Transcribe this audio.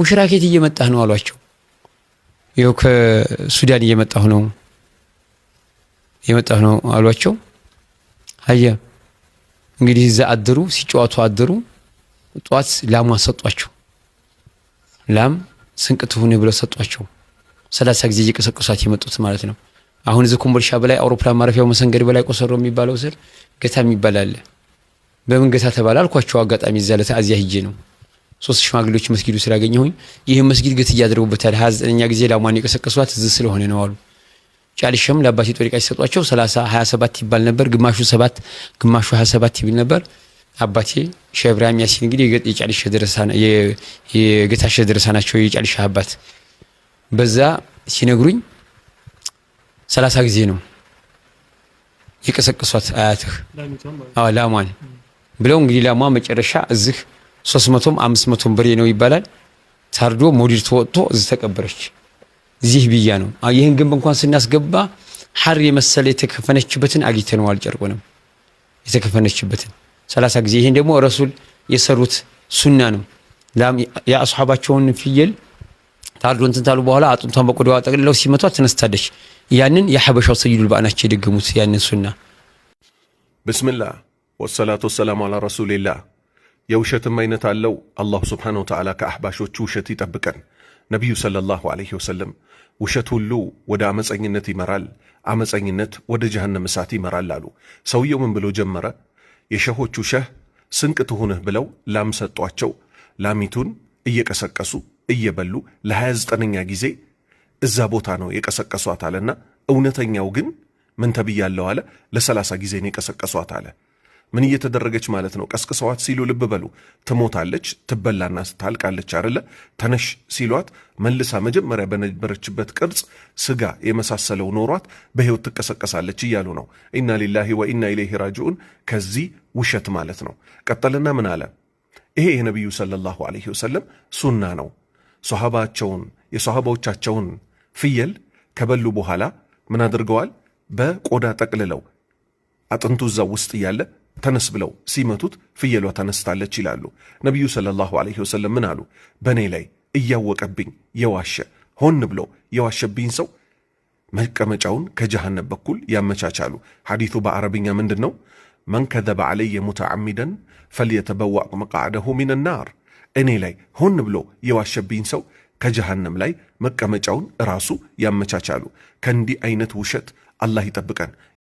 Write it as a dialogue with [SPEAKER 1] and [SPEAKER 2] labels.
[SPEAKER 1] ሙሽራ ኬት እየመጣህ ነው አሏቸው። ይኸው ከሱዳን እየመጣሁ ነው እየመጣሁ ነው አሏቸው። አየ እንግዲህ እዛ አድሩ፣ ሲጨዋቱ አድሩ። ጠዋት ላሟ ሰጧቸው። ላም ስንቅ ትሁን ብለው ሰጧቸው። ሰላሳ ጊዜ እየቀሰቀሷት የመጡት ማለት ነው። አሁን እዚህ ኮምቦልሻ በላይ አውሮፕላን ማረፊያው መሰንገድ በላይ ቆሰሮ የሚባለው ስር ገታ የሚባል አለ። በምን ገታ ተባለ አልኳቸው። አጋጣሚ እዛ ለተአዚያ ሂጄ ነው ሶስት ሽማግሌዎች መስጊዱ ስላገኘሁኝ ይህ መስጊድ ግት እያደረጉበታል። ሀያ ዘጠነኛ ጊዜ ላሟን የቀሰቀሷት እዝ ስለሆነ ነው አሉ። ጫልሸም ለአባሴ ጦሪቃ ሲሰጧቸው ሰላሳ ሀያ ሰባት ይባል ነበር፣ ግማሹ ሰባት ግማሹ ሀያ ሰባት ይብል ነበር። አባቴ ሼህ ኢብራሂም ያሲን እንግዲህ የጫልሸ ደረሳ የጌታሸ ደረሳ ናቸው፣ የጫልሸ አባት በዛ ሲነግሩኝ ሰላሳ ጊዜ ነው የቀሰቀሷት አያትህ ላሟን ብለው እንግዲህ ላሟ መጨረሻ እዝህ ሶስት መቶም አምስት መቶም ብሬ ነው ይባላል። ታርዶ ሞዲር ተወጥቶ እዚህ ተቀበረች። ዚህ ብያ ነው። ይህን ግንብ እንኳን ስናስገባ ሐር የመሰለ የተከፈነችበትን አግኝተነዋል። አልጨርቁንም። የተከፈነችበትን ሰላሳ ጊዜ ይህን ደግሞ ረሱል የሰሩት ሱና ነው። የአስሓባቸውን ፍየል ታርዶ እንትን ታሉ በኋላ አጥንቷን በቆዳዋ ጠቅልለው ሲመቷ ተነስታለች። ያንን የሐበሻው ሰይዱል በአናቸው የደገሙት ያንን ሱና።
[SPEAKER 2] ብስምላህ ወሰላቱ ወሰላሙ አላ ረሱሊላህ የውሸትም አይነት አለው። አላሁ ስብሓነሁ ወተዓላ ከአሕባሾቹ ውሸት ይጠብቀን። ነቢዩ ሰለላሁ ዐለይሂ ወሰለም ውሸት ሁሉ ወደ አመፀኝነት ይመራል፣ አመፀኝነት ወደ ጀሃነም እሳት ይመራል አሉ። ሰውየው ምን ብሎ ጀመረ? የሸሆቹ ሸህ ስንቅ ትሁንህ ብለው ላም ሰጧቸው። ላሚቱን እየቀሰቀሱ እየበሉ ለ29ኛ ጊዜ እዛ ቦታ ነው የቀሰቀሷት አለና እውነተኛው ግን ምን ተብያለሁ አለ። ለሰላሳ ጊዜ ነው የቀሰቀሷት አለ። ምን እየተደረገች ማለት ነው? ቀስቅሰዋት ሲሉ ልብ በሉ ትሞታለች፣ ትበላና ታልቃለች አይደለ ተነሽ ሲሏት መልሳ መጀመሪያ በነበረችበት ቅርጽ ስጋ የመሳሰለው ኖሯት በሕይወት ትቀሰቀሳለች እያሉ ነው። ኢና ሊላሂ ወኢና ኢለይሂ ራጅዑን ከዚህ ውሸት ማለት ነው። ቀጠልና ምን አለ? ይሄ የነቢዩ ሰለላሁ ዐለይሂ ወሰለም ሱና ነው። ሶሃባቸውን የሶሃባዎቻቸውን ፍየል ከበሉ በኋላ ምን አድርገዋል? በቆዳ ጠቅልለው አጥንቱ እዛው ውስጥ እያለ ተነስ ብለው ሲመቱት ፍየሏ ተነስታለች ይላሉ። ነቢዩ ሰለላሁ ዐለይሂ ወሰለም ምን አሉ? በእኔ ላይ እያወቀብኝ የዋሸ ሆን ብሎ የዋሸብኝ ሰው መቀመጫውን ከጀሃነም በኩል ያመቻቻሉ። ሐዲቱ በአረብኛ ምንድን ነው? መን ከዘበ ዐለየ ሙተዓሚደን ፈልየተበዋቅ መቃዕደሁ ሚን ናር። እኔ ላይ ሆን ብሎ የዋሸብኝ ሰው ከጀሃነም ላይ መቀመጫውን ራሱ ያመቻቻሉ። ከእንዲህ አይነት ውሸት አላህ ይጠብቀን።